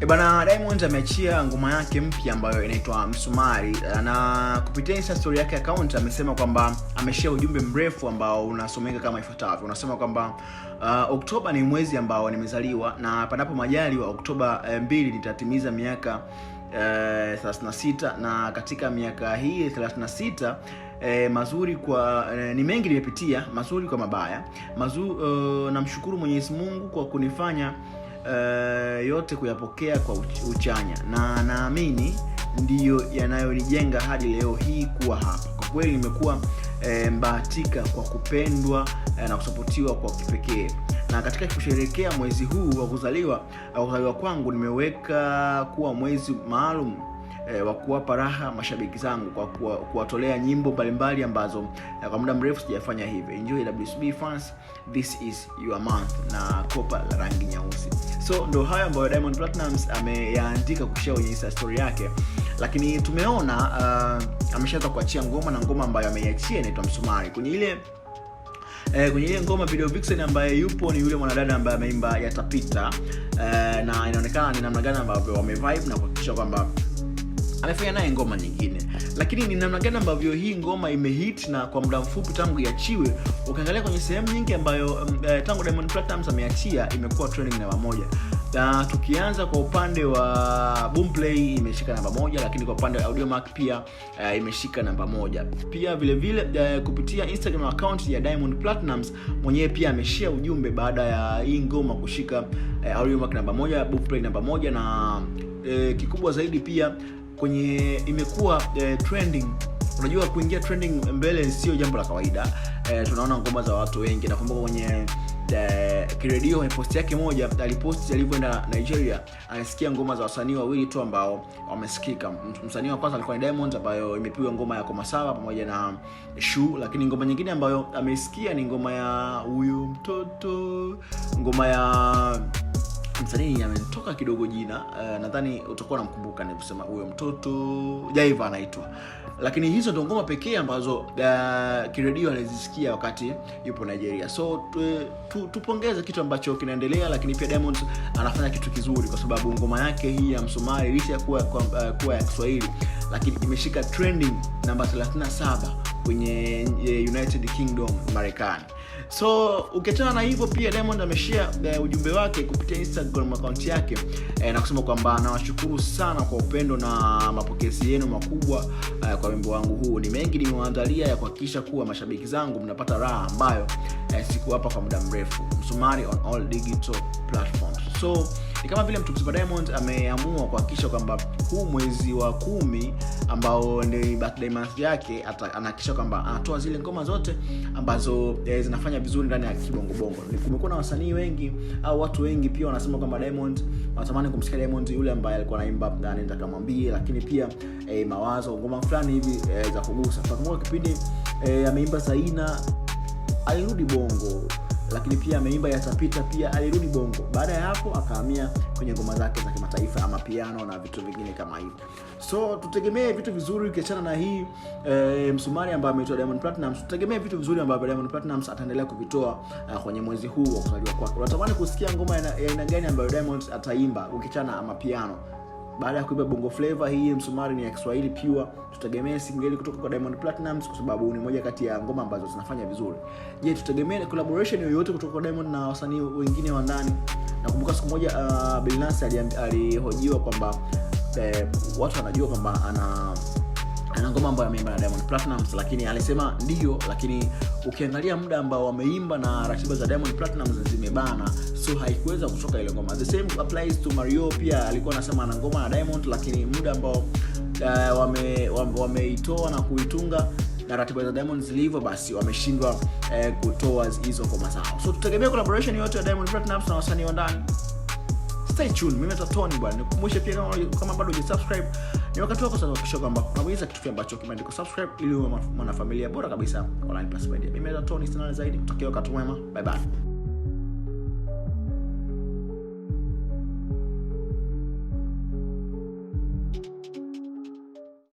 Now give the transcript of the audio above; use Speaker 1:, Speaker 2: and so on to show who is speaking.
Speaker 1: E bana, Diamond ameachia ngoma yake mpya ambayo inaitwa Msumari, eh, na kupitia Insta story yake account amesema kwamba ameshare ujumbe mrefu ambao unasomeka kama ifuatavyo. Unasema kwamba uh, Oktoba ni mwezi ambao nimezaliwa na panapo wa Oktoba mbili nitatimiza miaka uh, 36 na katika miaka hii 36 eh, mazuri kwa eh, ni mengi nimepitia, mazuri kwa mabaya mazu, eh, namshukuru Mwenyezi Mungu kwa kunifanya uh, yote kuyapokea kwa uchanya, na naamini ndiyo yanayonijenga hadi leo hii kuwa hapa. Kwa kweli nimekuwa e, mbahatika kwa kupendwa e, na kusapotiwa kwa kipekee. Na katika kusherehekea mwezi huu wa kuzaliwa kuzaliwa kwangu nimeweka kuwa mwezi maalum e, wa kuwapa raha mashabiki zangu kwa kuwatolea nyimbo mbalimbali ambazo e, kwa muda mrefu sijafanya hivyo. Enjoy WSB fans, this is your month na kopa la rangi nyeusi. So ndo hayo ambayo Diamond Platnumz ameyaandika kushia kwenye story yake, lakini tumeona uh, eh, ameshaweza kuachia ngoma na ngoma ambayo ameiachia inaitwa Msumari kwenye ile Eh, kwenye ile ngoma Video Vixen ambaye yupo ni yule mwanadada ambaye ameimba yatapita, eh, na inaonekana ni namna gani ambavyo wamevibe na kuhakikisha kwamba amefanya naye ngoma nyingine, lakini ni namna gani ambavyo hii ngoma imehit na kwa muda mfupi tangu iachiwe. Ukiangalia kwenye sehemu nyingi ambayo mm, eh, tangu Diamond Platnumz ameachia imekuwa trending namba moja na tukianza kwa upande wa Boomplay imeshika namba moja, lakini kwa upande wa audio mark pia uh, imeshika namba moja pia vile vile. Uh, kupitia Instagram account ya Diamond Platnumz mwenyewe pia ameshia ujumbe baada ya hii ngoma kushika uh, eh, audio mark namba moja, Boomplay namba moja na uh, kikubwa zaidi pia kwenye imekuwa eh, trending unajua kuingia trending mbele sio jambo la kawaida eh, tunaona ngoma za watu wengi nakumbuka kwenye eh, kiredio kwenye posti yake moja aliposti alivyoenda nigeria anasikia ngoma za wasanii wawili tu ambao wamesikika msanii wa kwanza alikuwa ni diamond ambayo imepigwa ngoma ya komasawa pamoja na shu lakini ngoma nyingine ambayo ameisikia ni ngoma ya huyu mtoto ngoma ya msanii ametoka kidogo jina uh, nadhani utakuwa namkumbuka nikusema huyo mtoto Jaiva anaitwa, lakini hizo ndo ngoma pekee ambazo uh, kiredio anazisikia wakati yupo Nigeria. So tupongeze tu, tu kitu ambacho kinaendelea, lakini pia Diamond anafanya kitu kizuri kwa sababu ngoma yake hii ya Msomali licha ya kuwa, kuwa, uh, eh, kuwa ya Kiswahili lakini imeshika trending namba 37 kwenye United Kingdom Marekani. So ukiachana na hivyo, pia Diamond ameshare uh, ujumbe wake kupitia Instagram account yake uh, na kusema kwamba anawashukuru sana kwa upendo na mapokezi yenu makubwa uh, kwa wimbo wangu huu. Ni mengi nimeandalia ya kuhakikisha kuwa mashabiki zangu mnapata raha ambayo siku hapa kwa muda mrefu. Msumari on all digital platforms. So ni kama vile mtu Diamond ameamua kuhakikisha kwamba huu mwezi wa kumi ambao ni birthday month yake, anahakikisha kwamba anatoa zile ngoma zote ambazo eh, zinafanya vizuri ndani ya kibongobongo. Kumekuwa na wasanii wengi au watu wengi pia wanasema kwamba Diamond, wanatamani kumsikia Diamond yule ambaye alikuwa anaimba anaenda kamwambie, lakini pia eh, mawazo ngoma fulani hivi eh, za kugusa. kwa kipindi eh, ameimba Zaina, alirudi bongo lakini pia ameimba yatapita, pia alirudi Bongo. Baada ya hapo akahamia kwenye ngoma zake za kimataifa, ama piano na vitu vingine kama hivyo. So tutegemee vitu vizuri ukiachana na hii e, msumari ambayo ameitwa Diamond Platnumz. Tutegemee vitu vizuri ambavyo Diamond Platnumz ataendelea kuvitoa uh, kwenye mwezi huu wa kuzaliwa kwake. Unatamani kusikia ngoma ya aina gani ambayo Diamond ataimba ukiachana ama piano? baada ya kuiba bongo flavo hii msumari ni ya Kiswahili pure, tutegemee singeli kutoka kwa Diamond Platnumz kwa sababu ni moja kati ya ngoma ambazo zinafanya vizuri. Je, tutegemee collaboration yoyote kutoka kwa Diamond na wasanii wengine wa ndani? Nakumbuka siku moja uh, Billnass alihojiwa kwamba eh, watu wanajua kwamba ana ana ngoma ambayo ameimba na Diamond Platnumz, lakini alisema ndio, lakini ukiangalia muda ambao wameimba na ratiba za Diamond Platnumz zimebana, so haikuweza kutoka ile ngoma. The same applies to Mario, pia alikuwa anasema ana ngoma na Diamond, lakini muda ambao uh, wame wameitoa wame na kuitunga na ratiba za Diamond zilivyo, basi wameshindwa uh, kutoa hizo ngoma zao. So tutegemea collaboration yote ya Diamond Platnumz na wasanii wa ndani stay tuned. Mimi naitwa bwana, nikukumbushe pia kama, kama bado hujasubscribe, ni wakati wako sasa kuhakikisha kwamba unaweza kitu ambacho kimeandikwa subscribe ili uwe mwanafamilia bora kabisa online plus media. Mimi naitwa sana zaidi, kutakia wakati mwema, bye bye.